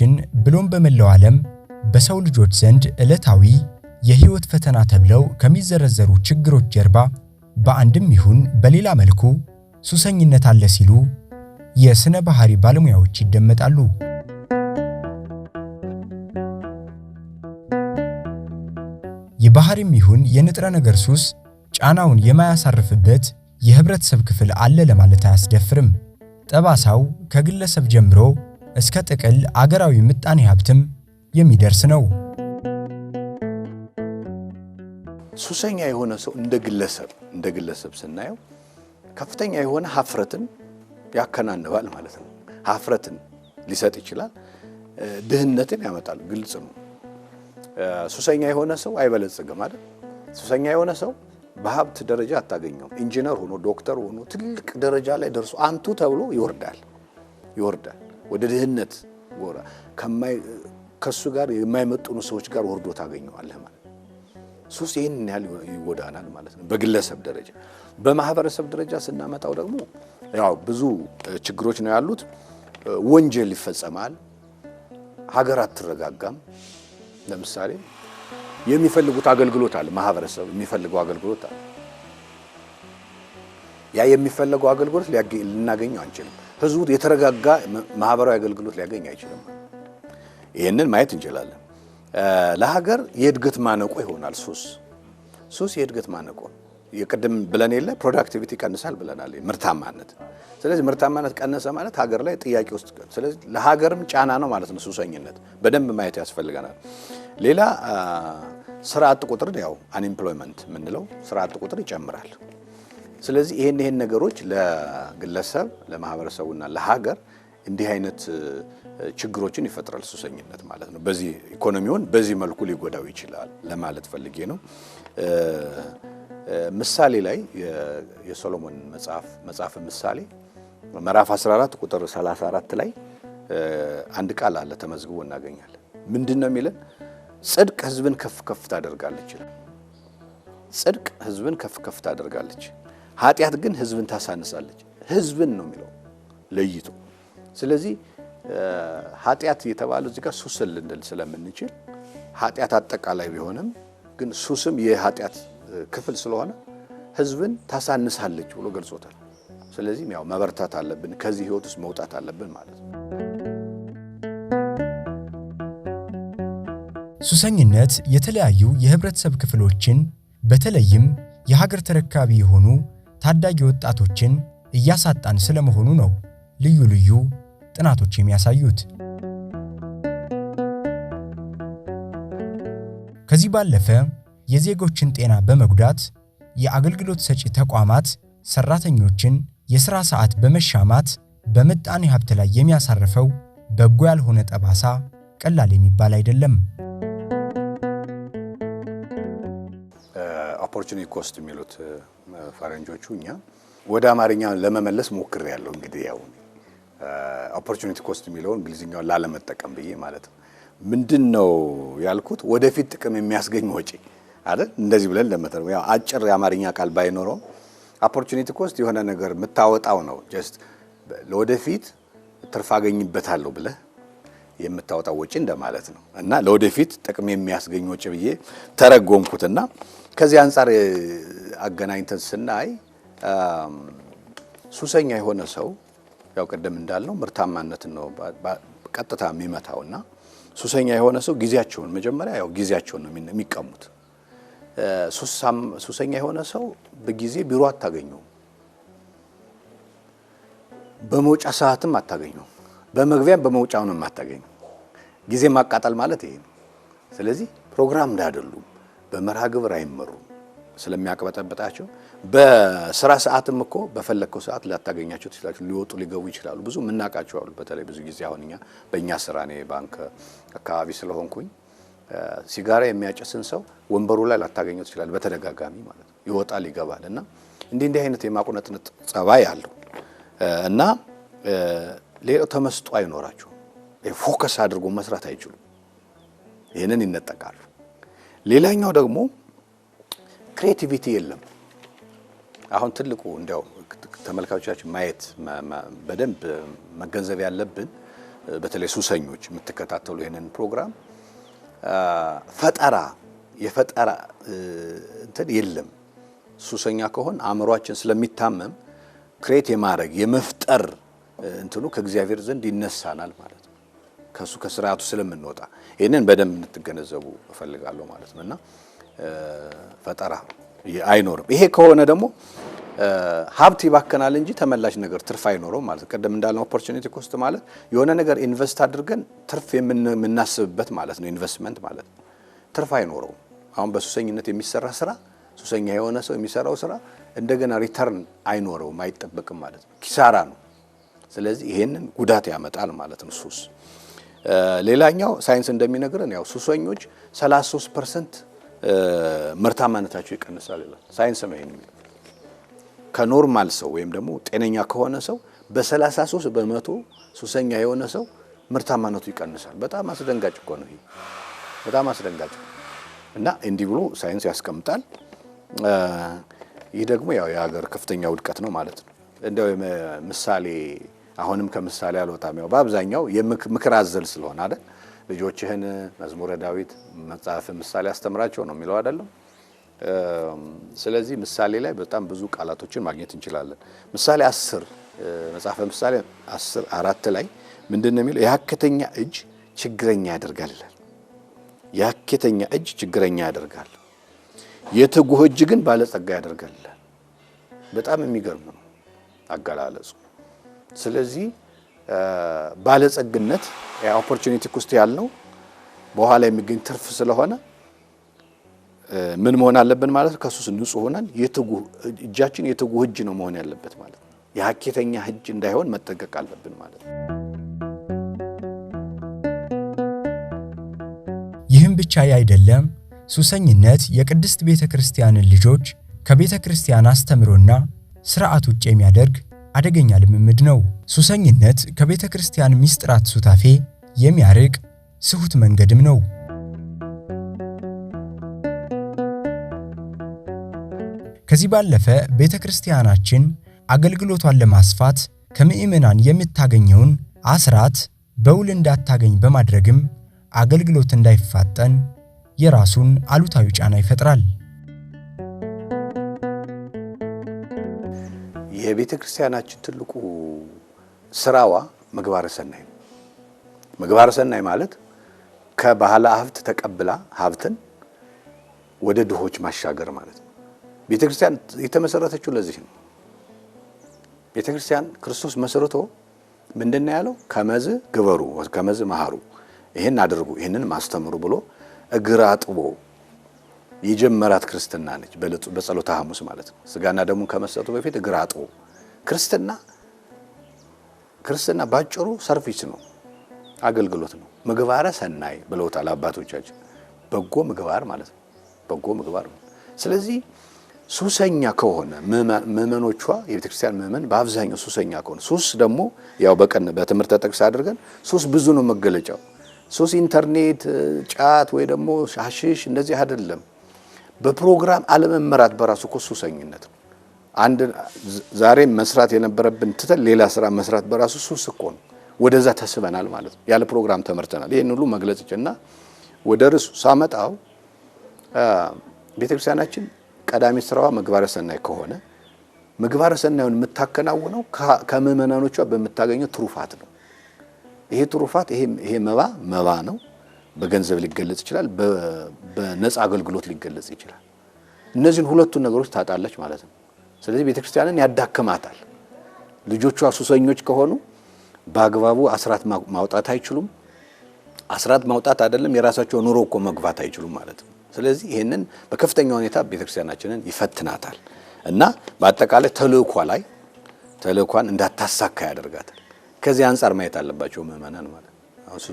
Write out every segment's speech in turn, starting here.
በሀገራችን ብሎም በመላው ዓለም በሰው ልጆች ዘንድ ዕለታዊ የሕይወት ፈተና ተብለው ከሚዘረዘሩ ችግሮች ጀርባ በአንድም ይሁን በሌላ መልኩ ሱሰኝነት አለ ሲሉ የሥነ ባህሪ ባለሙያዎች ይደመጣሉ። የባህሪም ይሁን የንጥረ ነገር ሱስ ጫናውን የማያሳርፍበት የህብረተሰብ ክፍል አለ ለማለት አያስደፍርም። ጠባሳው ከግለሰብ ጀምሮ እስከ ጥቅል አገራዊ ምጣኔ ሀብትም የሚደርስ ነው። ሱሰኛ የሆነ ሰው እንደ ግለሰብ እንደ ግለሰብ ስናየው ከፍተኛ የሆነ ሀፍረትን ያከናንባል ማለት ነው። ሀፍረትን ሊሰጥ ይችላል። ድህነትን ያመጣል። ግልጽ ነው። ሱሰኛ የሆነ ሰው አይበለጽግም አይደል? ሱሰኛ የሆነ ሰው በሀብት ደረጃ አታገኘውም። ኢንጂነር ሆኖ ዶክተር ሆኖ ትልቅ ደረጃ ላይ ደርሶ አንቱ ተብሎ ይወርዳል ይወርዳል። ወደ ድህነት ከሱ ጋር የማይመጡኑ ሰዎች ጋር ወርዶ ታገኘዋለህ ማለት ነው። ሱስ ይህን ያህል ይጎዳናል ማለት ነው በግለሰብ ደረጃ። በማህበረሰብ ደረጃ ስናመጣው ደግሞ ያው ብዙ ችግሮች ነው ያሉት። ወንጀል ይፈጸማል፣ ሀገር አትረጋጋም። ለምሳሌ የሚፈልጉት አገልግሎት አለ፣ ማህበረሰብ የሚፈልገው አገልግሎት አለ። ያ የሚፈለገው አገልግሎት ልናገኘው አንችልም። ህዝቡ የተረጋጋ ማህበራዊ አገልግሎት ሊያገኝ አይችልም። ይህንን ማየት እንችላለን። ለሀገር የእድገት ማነቆ ይሆናል። ሱስ ሱስ የእድገት ማነቆ የቅድም ብለን የለ ፕሮዳክቲቪቲ ቀንሳል ብለናል፣ ምርታማነት። ስለዚህ ምርታማነት ቀነሰ ማለት ሀገር ላይ ጥያቄ ውስጥ ስለዚህ ለሀገርም ጫና ነው ማለት ነው። ሱሰኝነት በደንብ ማየት ያስፈልገናል። ሌላ ስራ አጥ ቁጥር ያው አንኤምፕሎይመንት የምንለው ስራ አጥ ቁጥር ይጨምራል። ስለዚህ ይሄን ይሄን ነገሮች ለግለሰብ ለማህበረሰቡና ለሀገር እንዲህ አይነት ችግሮችን ይፈጥራል ሱሰኝነት ማለት ነው። በዚህ ኢኮኖሚውን በዚህ መልኩ ሊጎዳው ይችላል ለማለት ፈልጌ ነው። ምሳሌ ላይ የሶሎሞን መጽሐፍ መጽሐፍ ምሳሌ ምዕራፍ 14 ቁጥር 34 ላይ አንድ ቃል አለ ተመዝግቦ እናገኛለን። ምንድን ነው የሚለን? ጽድቅ ህዝብን ከፍ ከፍ ታደርጋለች። ጽድቅ ህዝብን ከፍ ከፍ ታደርጋለች። ኃጢአት ግን ህዝብን ታሳንሳለች። ህዝብን ነው የሚለው ለይቶ። ስለዚህ ኃጢአት የተባለው እዚህ ጋር ሱስን ልንል ስለምንችል ኃጢአት አጠቃላይ ቢሆንም ግን ሱስም የኃጢአት ክፍል ስለሆነ ህዝብን ታሳንሳለች ብሎ ገልጾታል። ስለዚህም ያው መበርታት አለብን፣ ከዚህ ህይወት ውስጥ መውጣት አለብን ማለት ነው። ሱሰኝነት የተለያዩ የህብረተሰብ ክፍሎችን በተለይም የሀገር ተረካቢ የሆኑ ታዳጊ ወጣቶችን እያሳጣን ስለመሆኑ ነው ልዩ ልዩ ጥናቶች የሚያሳዩት። ከዚህ ባለፈ የዜጎችን ጤና በመጉዳት የአገልግሎት ሰጪ ተቋማት ሰራተኞችን የሥራ ሰዓት በመሻማት በምጣኔ ሀብት ላይ የሚያሳርፈው በጎ ያልሆነ ጠባሳ ቀላል የሚባል አይደለም። ኦፖርቹኒቲ ኮስት የሚሉት ፈረንጆቹ፣ እኛ ወደ አማርኛ ለመመለስ ሞክር ያለው እንግዲህ ያው ኦፖርቹኒቲ ኮስት የሚለውን እንግሊዝኛውን ላለመጠቀም ብዬ ማለት ነው። ምንድን ነው ያልኩት? ወደፊት ጥቅም የሚያስገኝ ወጪ አይደል? እንደዚህ ብለን ለመተር ያው አጭር የአማርኛ ቃል ባይኖረውም ኦፖርቹኒቲ ኮስት የሆነ ነገር የምታወጣው ነው። ጀስት ለወደፊት ትርፍ አገኝበታለሁ ብለህ የምታወጣው ወጪ እንደማለት ነው። እና ለወደፊት ጥቅም የሚያስገኝ ወጪ ብዬ ተረጎምኩትና ከዚህ አንጻር አገናኝተን ስናይ ሱሰኛ የሆነ ሰው ያው ቅድም እንዳልነው ምርታማነትን ነው ቀጥታ የሚመታው እና ሱሰኛ የሆነ ሰው ጊዜያቸውን መጀመሪያ ያው ጊዜያቸውን ነው የሚቀሙት። ሱሰኛ የሆነ ሰው በጊዜ ቢሮ አታገኘውም፣ በመውጫ ሰዓትም አታገኘውም፣ በመግቢያም በመውጫውንም አታገኘው። ጊዜ ማቃጠል ማለት ይሄ ነው። ስለዚህ ፕሮግራም እንዳይደሉም በመርሃ ግብር አይመሩም ስለሚያቅበጠብጣቸው በስራ ሰዓትም እኮ በፈለግከው ሰዓት ላታገኛቸው ትችላችሁ። ሊወጡ ሊገቡ ይችላሉ። ብዙ የምናውቃቸው አሉ። በተለይ ብዙ ጊዜ አሁን እኛ በእኛ ስራ እኔ ባንክ አካባቢ ስለሆንኩኝ ሲጋራ የሚያጨስን ሰው ወንበሩ ላይ ላታገኘው ትችላል። በተደጋጋሚ ማለት ነው ይወጣል ይገባል እና እንዲህ እንዲህ አይነት የማቁነጥነጥ ጸባይ አለው እና ሌላው ተመስጦ አይኖራቸውም። ፎከስ አድርጎ መስራት አይችሉም። ይህንን ይነጠቃሉ። ሌላኛው ደግሞ ክሬቲቪቲ የለም። አሁን ትልቁ እንዲያው ተመልካቾቻችን ማየት በደንብ መገንዘብ ያለብን በተለይ ሱሰኞች የምትከታተሉ ይህንን ፕሮግራም ፈጠራ የፈጠራ እንትን የለም። ሱሰኛ ከሆን አእምሯችን ስለሚታመም ክሬት የማድረግ የመፍጠር እንትኑ ከእግዚአብሔር ዘንድ ይነሳናል ማለት ነው። ከሱ ከስርዓቱ ስለምንወጣ ይህንን በደንብ እንድትገነዘቡ እፈልጋለሁ ማለት ነው እና ፈጠራ አይኖርም። ይሄ ከሆነ ደግሞ ሀብት ይባከናል እንጂ ተመላሽ ነገር ትርፍ አይኖረው ማለት ነው። ቅድም እንዳልነው ኦፖርቹኒቲ ኮስት ማለት የሆነ ነገር ኢንቨስት አድርገን ትርፍ የምናስብበት ማለት ነው። ኢንቨስትመንት ማለት ነው። ትርፍ አይኖረውም። አሁን በሱሰኝነት የሚሰራ ስራ ሱሰኛ የሆነ ሰው የሚሰራው ስራ እንደገና ሪተርን አይኖረውም፣ አይጠበቅም ማለት ነው። ኪሳራ ነው። ስለዚህ ይሄንን ጉዳት ያመጣል ማለት ነው ሱስ ሌላኛው ሳይንስ እንደሚነግረን ያው ሱሰኞች 33 ፐርሰንት ምርታማነታቸው ይቀንሳል ይላል ሳይንስ ነው ይሄን የሚለው። ከኖርማል ሰው ወይም ደግሞ ጤነኛ ከሆነ ሰው በ33 በመቶ ሱሰኛ የሆነ ሰው ምርታማነቱ ይቀንሳል። በጣም አስደንጋጭ እኮ ነው ይሄ በጣም አስደንጋጭ እና እንዲህ ብሎ ሳይንስ ያስቀምጣል። ይህ ደግሞ ያው የሀገር ከፍተኛ ውድቀት ነው ማለት ነው። እንደው ምሳሌ አሁንም ከምሳሌ አልወጣም። ያው በአብዛኛው የምክር አዘል ስለሆነ አይደል ልጆችህን መዝሙረ ዳዊት፣ መጽሐፍ ምሳሌ አስተምራቸው ነው የሚለው አይደለም። ስለዚህ ምሳሌ ላይ በጣም ብዙ ቃላቶችን ማግኘት እንችላለን። ምሳሌ አስር መጽሐፈ ምሳሌ አስር አራት ላይ ምንድን ነው የሚለው? የሀኬተኛ እጅ ችግረኛ ያደርጋል ይላል። የሀኬተኛ እጅ ችግረኛ ያደርጋል፣ የትጉህ እጅ ግን ባለጸጋ ያደርጋል ይላል። በጣም የሚገርም ነው አገላለጹ። ስለዚህ ባለጸግነት ኦፖርቹኒቲ ውስጥ ያለው በኋላ የሚገኝ ትርፍ ስለሆነ ምን መሆን አለብን ማለት ነው። ከሱስ ንጹህ ሆነን እጃችን የትጉህ እጅ ነው መሆን ያለበት ማለት ነው። የሀኬተኛ እጅ እንዳይሆን መጠንቀቅ አለብን ማለት ነው። ይህም ብቻ አይደለም። ሱሰኝነት የቅድስት ቤተ ክርስቲያንን ልጆች ከቤተ ክርስቲያን አስተምሮና ስርዓት ውጭ የሚያደርግ አደገኛ ልምምድ ነው። ሱሰኝነት ከቤተ ክርስቲያን ሚስጥራት ሱታፌ የሚያርቅ ስሁት መንገድም ነው። ከዚህ ባለፈ ቤተ ክርስቲያናችን አገልግሎቷን ለማስፋት ከምእመናን የምታገኘውን አስራት በውል እንዳታገኝ በማድረግም አገልግሎት እንዳይፋጠን የራሱን አሉታዊ ጫና ይፈጥራል። የቤተ ክርስቲያናችን ትልቁ ስራዋ ምግባረ ሰናይ ነው። ምግባረ ሰናይ ማለት ከባህላ ሀብት ተቀብላ ሀብትን ወደ ድሆች ማሻገር ማለት ነው። ቤተ ክርስቲያን የተመሰረተችው ለዚህ ነው። ቤተ ክርስቲያን ክርስቶስ መስርቶ ምንድን ነው ያለው? ከመዝ ግበሩ፣ ከመዝ መሃሩ፣ ይህን አድርጉ፣ ይህንን ማስተምሩ ብሎ እግር አጥቦ የጀመራት ክርስትና ነች። በጸሎተ ሐሙስ ማለት ነው። ስጋና ደሙን ከመስጠቱ በፊት እግር አጥቦ ክርስትና ክርስትና ባጭሩ ሰርቪስ ነው፣ አገልግሎት ነው። ምግባረ ሰናይ ብለውታል አባቶቻችን። በጎ ምግባር ማለት ነው። በጎ ምግባር ነው። ስለዚህ ሱሰኛ ከሆነ ምእመኖቿ የቤተ ክርስቲያን ምእመን በአብዛኛው ሱሰኛ ከሆነ ሱስ ደግሞ ያው በቀን በትምህርት ጠቅስ አድርገን ሱስ ብዙ ነው መገለጫው። ሱስ ኢንተርኔት፣ ጫት ወይ ደግሞ ሻሽሽ እንደዚህ አይደለም። በፕሮግራም አለመመራት በራሱ እኮ ሱሰኝነት ነው። አንድ ዛሬ መስራት የነበረብን ትተን ሌላ ስራ መስራት በራሱ ሱስ እኮ ነው። ወደዛ ተስበናል ማለት ነው። ያለ ፕሮግራም ተመርተናል። ይህን ሁሉ መግለጽ እና ወደ ርሱ ሳመጣው ቤተክርስቲያናችን ቀዳሚ ስራዋ ምግባረ ሰናይ ከሆነ ምግባረ ሰናዩን የምታከናውነው ከምእመናኖቿ በምታገኘው ትሩፋት ነው። ይሄ ትሩፋት ይሄ መባ መባ ነው። በገንዘብ ሊገለጽ ይችላል፣ በነፃ አገልግሎት ሊገለጽ ይችላል። እነዚህን ሁለቱን ነገሮች ታጣለች ማለት ነው። ስለዚህ ቤተክርስቲያንን ያዳክማታል። ልጆቿ ሱሰኞች ከሆኑ በአግባቡ አስራት ማውጣት አይችሉም። አስራት ማውጣት አይደለም የራሳቸው ኑሮ እኮ መግባት አይችሉም ማለት ነው። ስለዚህ ይህንን በከፍተኛ ሁኔታ ቤተክርስቲያናችንን ይፈትናታል እና በአጠቃላይ ተልእኳ ላይ ተልእኳን እንዳታሳካ ያደርጋታል። ከዚህ አንጻር ማየት አለባቸው ምእመናን ማለት ነው።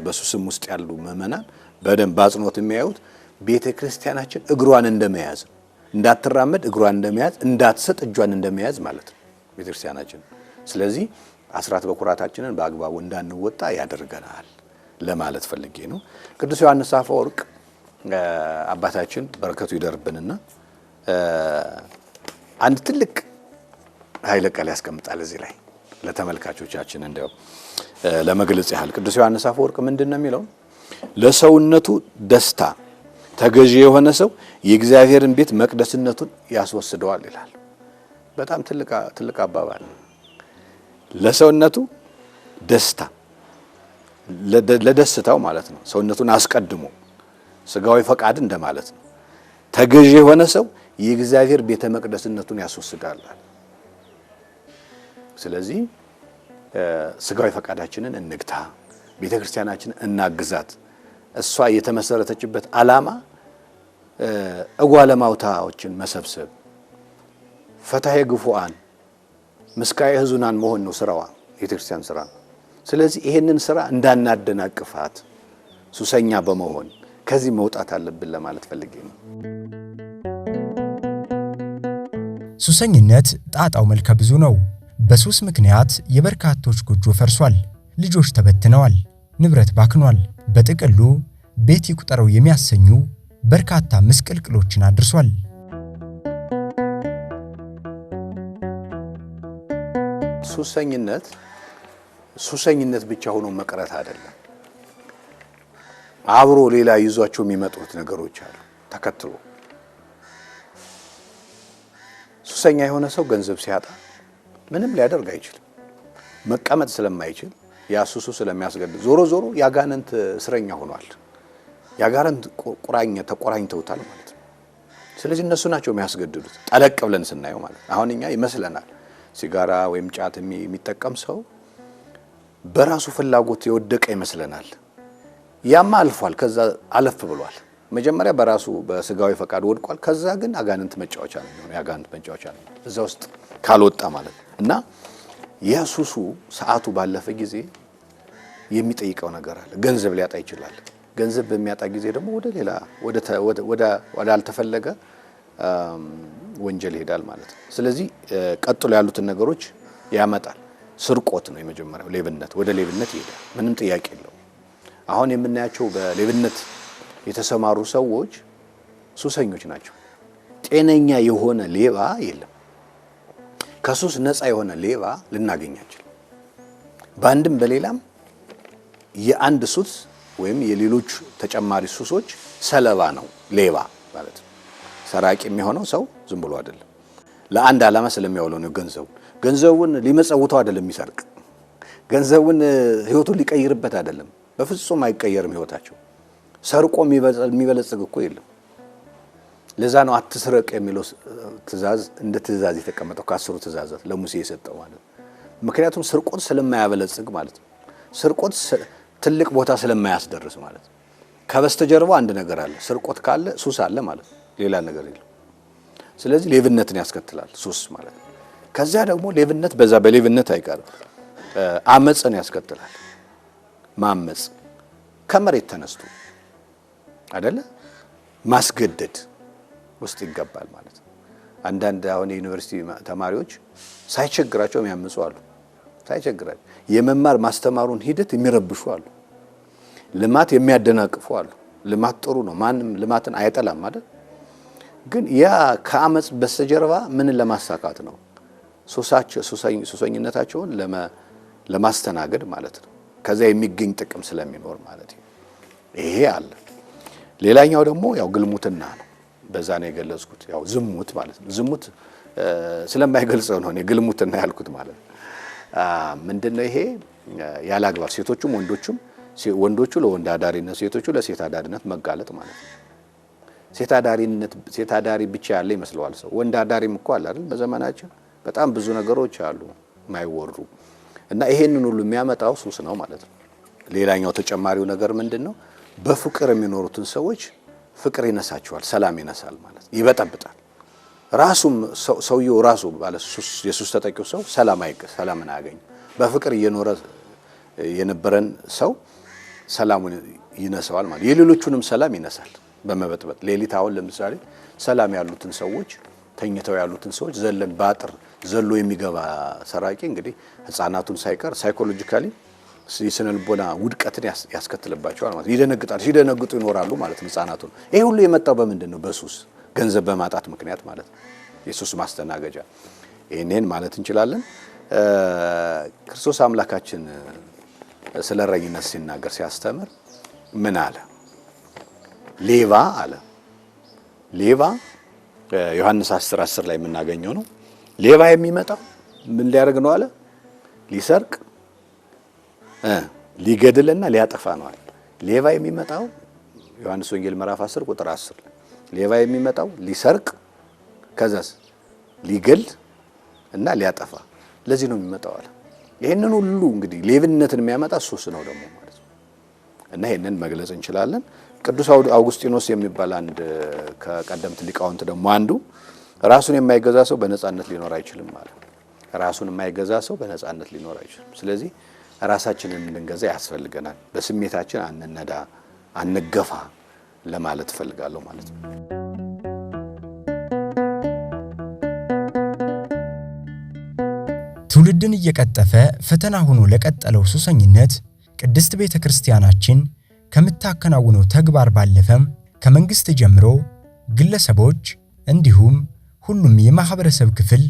በሱ ስም ውስጥ ያሉ ምእመናን በደንብ በአጽንኦት የሚያዩት ቤተ ክርስቲያናችን እግሯን እንደመያዝ እንዳትራመድ እግሯን እንደመያዝ እንዳትሰጥ እጇን እንደመያዝ ማለት ነው ቤተ ክርስቲያናችን። ስለዚህ አስራት በኩራታችንን በአግባቡ እንዳንወጣ ያደርገናል ለማለት ፈልጌ ነው። ቅዱስ ዮሐንስ አፈወርቅ አባታችን በረከቱ ይደርብንና አንድ ትልቅ ኃይለ ቃል ያስቀምጣል እዚህ ላይ ለተመልካቾቻችን እንዲያው ለመግለጽ ያህል ቅዱስ ዮሐንስ አፈወርቅ ምንድን ነው የሚለው? ለሰውነቱ ደስታ ተገዢ የሆነ ሰው የእግዚአብሔርን ቤት መቅደስነቱን ያስወስደዋል ይላል። በጣም ትልቅ አባባል። ለሰውነቱ ደስታ ለደስታው ማለት ነው። ሰውነቱን አስቀድሞ ስጋዊ ፈቃድ እንደማለት ነው። ተገዢ የሆነ ሰው የእግዚአብሔር ቤተ መቅደስነቱን ያስወስዳል። ስለዚህ ስጋዊ ፈቃዳችንን እንግታ፣ ቤተ ክርስቲያናችን እናግዛት። እሷ የተመሰረተችበት ዓላማ እጓለማውታዎችን መሰብሰብ፣ ፈታሄ ግፉአን፣ ምስካዬ ህዙናን መሆን ነው ስራዋ፣ ቤተ ክርስቲያን ስራ። ስለዚህ ይሄንን ስራ እንዳናደናቅፋት ሱሰኛ በመሆን ከዚህ መውጣት አለብን ለማለት ፈልጌ ነው። ሱሰኝነት ጣጣው መልከ ብዙ ነው። በሱስ ምክንያት የበርካቶች ጎጆ ፈርሷል፣ ልጆች ተበትነዋል፣ ንብረት ባክኗል። በጥቅሉ ቤት ይቁጠረው የሚያሰኙ በርካታ ምስቅልቅሎችን አድርሷል። ሱሰኝነት ሱሰኝነት ብቻ ሆኖ መቅረት አይደለም። አብሮ ሌላ ይዟቸው የሚመጡት ነገሮች አሉ። ተከትሎ ሱሰኛ የሆነ ሰው ገንዘብ ሲያጣ ምንም ሊያደርግ አይችልም። መቀመጥ ስለማይችል ያሱሱ ስለሚያስገድ ዞሮ ዞሮ ያጋንንት እስረኛ ሆኗል። ያጋንንት ቁራኛ ተቆራኝተውታል ማለት ነው። ስለዚህ እነሱ ናቸው የሚያስገድዱት። ጠለቅ ብለን ስናየው ማለት አሁን እኛ ይመስለናል ሲጋራ ወይም ጫት የሚጠቀም ሰው በራሱ ፍላጎት የወደቀ ይመስለናል። ያማ አልፏል፣ ከዛ አለፍ ብሏል። መጀመሪያ በራሱ በስጋዊ ፈቃድ ወድቋል። ከዛ ግን አጋንንት መጫወቻ ነው፣ የአጋንንት መጫወቻ ነው። እዛ ውስጥ ካልወጣ ማለት ነው። እና የሱሱ ሰዓቱ ባለፈ ጊዜ የሚጠይቀው ነገር አለ። ገንዘብ ሊያጣ ይችላል። ገንዘብ በሚያጣ ጊዜ ደግሞ ወደ ሌላ ወደ አልተፈለገ ወንጀል ይሄዳል ማለት ነው። ስለዚህ ቀጥሎ ያሉትን ነገሮች ያመጣል። ስርቆት ነው የመጀመሪያው፣ ሌብነት ወደ ሌብነት ይሄዳል። ምንም ጥያቄ የለው። አሁን የምናያቸው በሌብነት የተሰማሩ ሰዎች ሱሰኞች ናቸው። ጤነኛ የሆነ ሌባ የለም። ከሱስ ነፃ የሆነ ሌባ ልናገኛችል በአንድም በሌላም የአንድ ሱስ ወይም የሌሎች ተጨማሪ ሱሶች ሰለባ ነው ሌባ ማለት። ሰራቂ የሚሆነው ሰው ዝም ብሎ አይደለም። ለአንድ ዓላማ ስለሚያውለው ነው። ገንዘቡ ገንዘቡን ሊመጸውተው አይደለም የሚሰርቅ ገንዘቡን ህይወቱን ሊቀይርበት አይደለም። በፍጹም አይቀየርም ህይወታቸው። ሰርቆ የሚበለጽግ እኮ የለም። ለዛ ነው አትስረቅ የሚለው ትእዛዝ እንደ ትእዛዝ የተቀመጠው ከአስሩ ትእዛዛት ለሙሴ የሰጠው ማለት ነው። ምክንያቱም ስርቆት ስለማያበለጽግ ማለት ነው። ስርቆት ትልቅ ቦታ ስለማያስደርስ ማለት ነው። ከበስተጀርባ አንድ ነገር አለ። ስርቆት ካለ ሱስ አለ ማለት ነው። ሌላ ነገር የለም። ስለዚህ ሌብነትን ያስከትላል ሱስ ማለት ነው። ከዚያ ደግሞ ሌብነት በዛ በሌብነት አይቀርም አመፅን ያስከትላል። ማመፅ ከመሬት ተነስቶ አደለ ማስገደድ ውስጥ ይገባል ማለት ነው። አንዳንድ አሁን የዩኒቨርሲቲ ተማሪዎች ሳይቸግራቸው የሚያምፁ አሉ። ሳይቸግራቸው የመማር ማስተማሩን ሂደት የሚረብሹ አሉ። ልማት የሚያደናቅፉ አሉ። ልማት ጥሩ ነው፣ ማንም ልማትን አይጠላም ማለት ግን ያ ከአመፅ በስተጀርባ ምንን ለማሳካት ነው? ሶሶኝነታቸውን ሱሰኝነታቸውን ለማስተናገድ ማለት ነው። ከዛ የሚገኝ ጥቅም ስለሚኖር ማለት ይሄ አለ። ሌላኛው ደግሞ ያው ግልሙትና ነው። በዛ ነው የገለጽኩት። ያው ዝሙት ማለት ነው። ዝሙት ስለማይገልጸው ነው እኔ ግልሙትና ያልኩት ማለት ነው። ምንድን ነው ይሄ? ያለ አግባብ ሴቶቹም ወንዶቹም ወንዶቹ ለወንድ አዳሪነት፣ ሴቶቹ ለሴት አዳሪነት መጋለጥ ማለት ነው። ሴት አዳሪነት ሴት አዳሪ ብቻ ያለ ይመስለዋል ሰው። ወንድ አዳሪም እኮ አለ አይደል? በዘመናችን በጣም ብዙ ነገሮች አሉ የማይወሩ እና ይሄንን ሁሉ የሚያመጣው ሱስ ነው ማለት ነው። ሌላኛው ተጨማሪው ነገር ምንድን ነው? በፍቅር የሚኖሩትን ሰዎች ፍቅር ይነሳችኋል፣ ሰላም ይነሳል ማለት ይበጠብጣል። ራሱም ሰውየው ራሱ ባለ ሱስ የሱስ ተጠቂው ሰው ሰላም አይቀ ሰላምን አያገኝ። በፍቅር እየኖረ የነበረን ሰው ሰላሙን ይነሳዋል ማለት የሌሎቹንም ሰላም ይነሳል በመበጥበጥ ሌሊት። አሁን ለምሳሌ ሰላም ያሉትን ሰዎች ተኝተው ያሉትን ሰዎች ዘለን በአጥር ዘሎ የሚገባ ሰራቂ እንግዲህ ህፃናቱን ሳይቀር ሳይኮሎጂካሊ የስነ ልቦና ውድቀትን ያስከትልባቸዋል ማለት ይደነግጣል። ሲደነግጡ ይኖራሉ ማለት ነው ህጻናቱ። ይህ ሁሉ የመጣው በምንድን ነው? በሱስ ገንዘብ በማጣት ምክንያት ማለት ነው። የሱስ ማስተናገጃ ይህንን ማለት እንችላለን። ክርስቶስ አምላካችን ስለ እረኝነት ሲናገር ሲያስተምር ምን አለ? ሌባ አለ። ሌባ ዮሐንስ 10 10 ላይ የምናገኘው ነው። ሌባ የሚመጣው ምን ሊያደርግ ነው አለ? ሊሰርቅ ሊገድልና ሊያጠፋ ነዋል። ሌባ የሚመጣው ዮሐንስ ወንጌል ምዕራፍ 10 ቁጥር 10 ሌባ የሚመጣው ሊሰርቅ ከዛስ ሊገል እና ሊያጠፋ ለዚህ ነው የሚመጣው አለ። ይህንን ሁሉ እንግዲህ ሌብነትን የሚያመጣ ሱስ ነው ደግሞ ማለት ነው። እና ይህንን መግለጽ እንችላለን። ቅዱስ አውጉስጢኖስ የሚባል አንድ ከቀደምት ሊቃውንት ደግሞ አንዱ ራሱን የማይገዛ ሰው በነጻነት ሊኖር አይችልም ማለት ራሱን የማይገዛ ሰው በነጻነት ሊኖር አይችልም። ስለዚህ ራሳችንን እንድንገዛ ያስፈልገናል። በስሜታችን አንነዳ፣ አንገፋ ለማለት እፈልጋለሁ ማለት ነው። ትውልድን እየቀጠፈ ፈተና ሆኖ ለቀጠለው ሱሰኝነት ቅድስት ቤተ ክርስቲያናችን ከምታከናውነው ተግባር ባለፈም ከመንግስት ጀምሮ ግለሰቦች እንዲሁም ሁሉም የማህበረሰብ ክፍል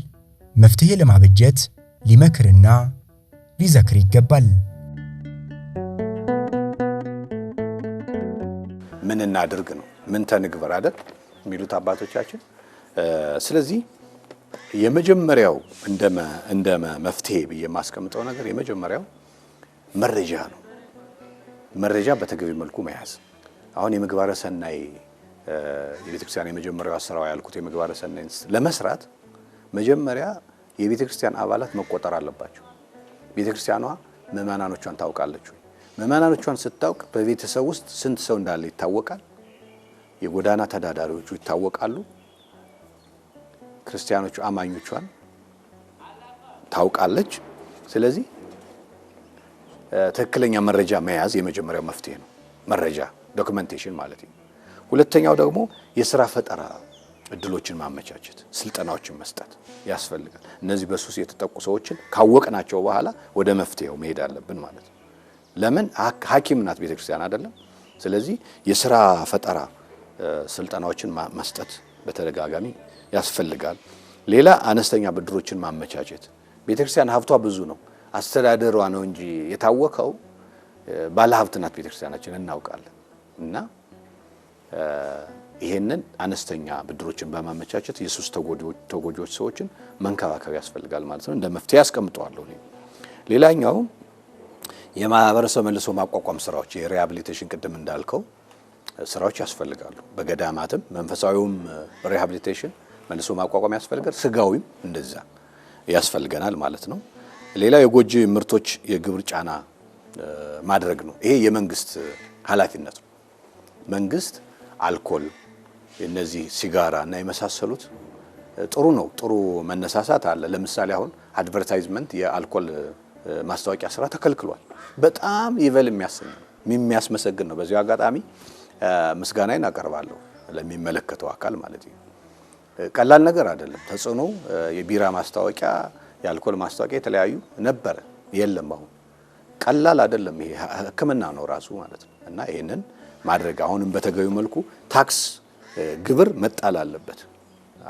መፍትሄ ለማበጀት ሊመክርና ሊዘክር ይገባል። ምን እናድርግ ነው ምን ተንግበር አይደል የሚሉት አባቶቻችን። ስለዚህ የመጀመሪያው እንደ መፍትሄ ብዬ የማስቀምጠው ነገር የመጀመሪያው መረጃ ነው። መረጃ በተገቢ መልኩ መያዝ። አሁን የምግባረ ሰናይ የቤተክርስቲያን የመጀመሪያው ስራዋ ያልኩት የምግባረ ሰናይ ለመስራት መጀመሪያ የቤተክርስቲያን አባላት መቆጠር አለባቸው። ቤተ ክርስቲያኗ ምእመናኖቿን ታውቃለች። ምእመናኖቿን ስታውቅ በቤተሰብ ውስጥ ስንት ሰው እንዳለ ይታወቃል። የጎዳና ተዳዳሪዎቹ ይታወቃሉ። ክርስቲያኖቹ አማኞቿን ታውቃለች። ስለዚህ ትክክለኛ መረጃ መያዝ የመጀመሪያው መፍትሄ ነው። መረጃ ዶክመንቴሽን ማለት ነው። ሁለተኛው ደግሞ የስራ ፈጠራ እድሎችን ማመቻቸት፣ ስልጠናዎችን መስጠት ያስፈልጋል። እነዚህ በሱስ የተጠቁ ሰዎችን ካወቅናቸው በኋላ ወደ መፍትሄው መሄድ አለብን ማለት ነው። ለምን ሐኪም ናት ቤተክርስቲያን አይደለም። ስለዚህ የስራ ፈጠራ ስልጠናዎችን መስጠት በተደጋጋሚ ያስፈልጋል። ሌላ አነስተኛ ብድሮችን ማመቻቸት። ቤተክርስቲያን ሀብቷ ብዙ ነው፣ አስተዳደሯ ነው እንጂ የታወቀው ባለ ሀብት ናት ቤተክርስቲያናችን እናውቃለን እና ይሄንን አነስተኛ ብድሮችን በማመቻቸት የሱስ ተጎጂዎች ሰዎችን መንከባከብ ያስፈልጋል ማለት ነው። እንደ መፍትሄ ያስቀምጠዋለሁ። ሌላኛው የማህበረሰብ መልሶ ማቋቋም ስራዎች የሪሃብሊቴሽን ቅድም እንዳልከው ስራዎች ያስፈልጋሉ። በገዳማትም መንፈሳዊውም ሪሃብሊቴሽን መልሶ ማቋቋም ያስፈልጋል፣ ስጋዊም እንደዛ ያስፈልገናል ማለት ነው። ሌላው የጎጂ ምርቶች የግብር ጫና ማድረግ ነው። ይሄ የመንግስት ኃላፊነት ነው። መንግስት አልኮል የነዚህ ሲጋራ እና የመሳሰሉት ጥሩ ነው። ጥሩ መነሳሳት አለ። ለምሳሌ አሁን አድቨርታይዝመንት የአልኮል ማስታወቂያ ስራ ተከልክሏል። በጣም ይበል የሚያሰኝ የሚያስመሰግን ነው። በዚሁ አጋጣሚ ምስጋናዬን አቀርባለሁ ለሚመለከተው አካል ማለት ነው። ቀላል ነገር አይደለም። ተጽዕኖ የቢራ ማስታወቂያ፣ የአልኮል ማስታወቂያ የተለያዩ ነበረ፣ የለም አሁን ቀላል አይደለም። ይሄ ሕክምና ነው ራሱ ማለት ነው። እና ይህንን ማድረግ አሁንም በተገቢ መልኩ ታክስ ግብር መጣል አለበት።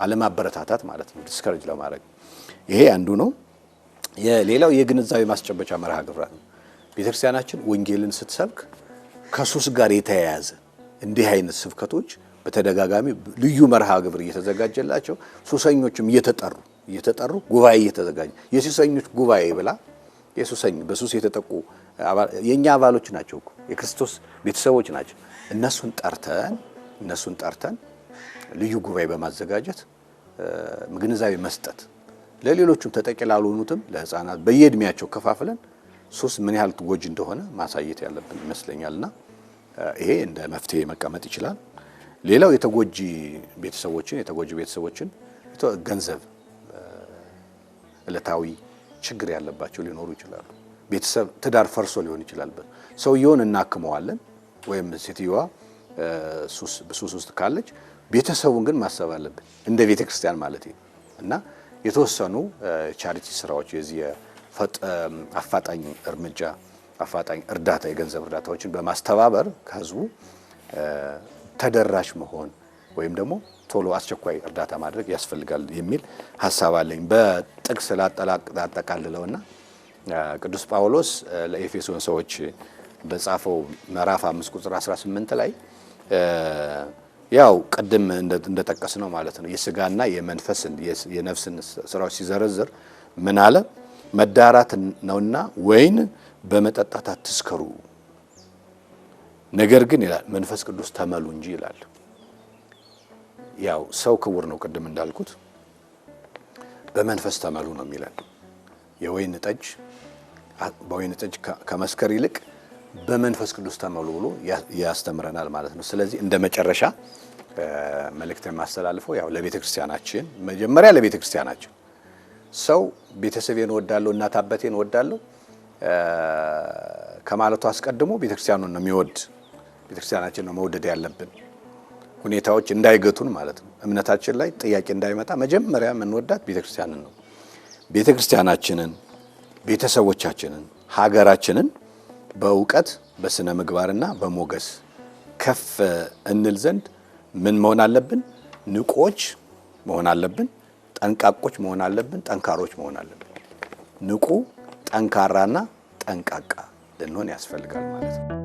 አለማበረታታት ማለት ነው፣ ዲስከሬጅ ለማድረግ ይሄ አንዱ ነው። የሌላው የግንዛቤ ማስጨበጫ መርሃ ግብራት ነው። ቤተክርስቲያናችን ወንጌልን ስትሰብክ ከሱስ ጋር የተያያዘ እንዲህ አይነት ስብከቶች በተደጋጋሚ ልዩ መርሃ ግብር እየተዘጋጀላቸው ሱሰኞችም እየተጠሩ እየተጠሩ ጉባኤ እየተዘጋጀ የሱሰኞች ጉባኤ ብላ የሱሰኝ በሱስ የተጠቁ የእኛ አባሎች ናቸው፣ የክርስቶስ ቤተሰቦች ናቸው። እነሱን ጠርተን እነሱን ጠርተን ልዩ ጉባኤ በማዘጋጀት ግንዛቤ መስጠት ለሌሎቹም ተጠቂ ላልሆኑትም ለህፃናት በየእድሜያቸው ከፋፍለን ሱስ ምን ያህል ጎጂ እንደሆነ ማሳየት ያለብን ይመስለኛልና ይሄ እንደ መፍትሄ መቀመጥ ይችላል። ሌላው የተጎጂ ቤተሰቦችን የተጎጂ ቤተሰቦችን ገንዘብ ዕለታዊ ችግር ያለባቸው ሊኖሩ ይችላሉ። ቤተሰብ ትዳር ፈርሶ ሊሆን ይችላል። ሰውየውን እናክመዋለን ወይም ሴትዮዋ ሱስ ውስጥ ካለች ቤተሰቡን ግን ማሰብ አለብን እንደ ቤተ ክርስቲያን ማለት ነው። እና የተወሰኑ ቻሪቲ ስራዎች የዚህ አፋጣኝ እርምጃ አፋጣኝ እርዳታ የገንዘብ እርዳታዎችን በማስተባበር ከህዝቡ ተደራሽ መሆን ወይም ደግሞ ቶሎ አስቸኳይ እርዳታ ማድረግ ያስፈልጋል የሚል ሀሳብ አለኝ። በጥቅስ ላጠቃልለውና ቅዱስ ጳውሎስ ለኤፌሶን ሰዎች በጻፈው ምዕራፍ 5 ቁጥር 18 ላይ ያው ቅድም እንደጠቀስ ነው ማለት ነው የስጋና የመንፈስን የነፍስን ስራዎች ሲዘረዝር ምን አለ? መዳራት ነውና ወይን በመጠጣት አትስከሩ፣ ነገር ግን ይላል መንፈስ ቅዱስ ተመሉ እንጂ ይላል። ያው ሰው ክቡር ነው፣ ቅድም እንዳልኩት በመንፈስ ተመሉ ነው የሚለን። የወይን ጠጅ በወይን ጠጅ ከመስከር ይልቅ በመንፈስ ቅዱስ ተመሉ ብሎ ያስተምረናል ማለት ነው። ስለዚህ እንደ መጨረሻ መልእክት የማስተላልፈው ያው ለቤተ ክርስቲያናችን መጀመሪያ ለቤተ ክርስቲያናችን ሰው ቤተሰቤን እወዳለሁ እናት አባቴን እወዳለሁ ከማለቱ አስቀድሞ ቤተክርስቲያኑን ነው የሚወድ። ቤተክርስቲያናችን ነው መውደድ ያለብን። ሁኔታዎች እንዳይገቱን ማለት ነው። እምነታችን ላይ ጥያቄ እንዳይመጣ መጀመሪያ የምንወዳት ቤተክርስቲያንን ነው። ቤተክርስቲያናችንን፣ ቤተሰቦቻችንን፣ ሀገራችንን በእውቀት በስነ ምግባርና በሞገስ ከፍ እንል ዘንድ ምን መሆን አለብን? ንቆች መሆን አለብን። ጠንቃቆች መሆን አለብን። ጠንካሮች መሆን አለብን። ንቁ፣ ጠንካራና ጠንቃቃ ልንሆን ያስፈልጋል ማለት ነው።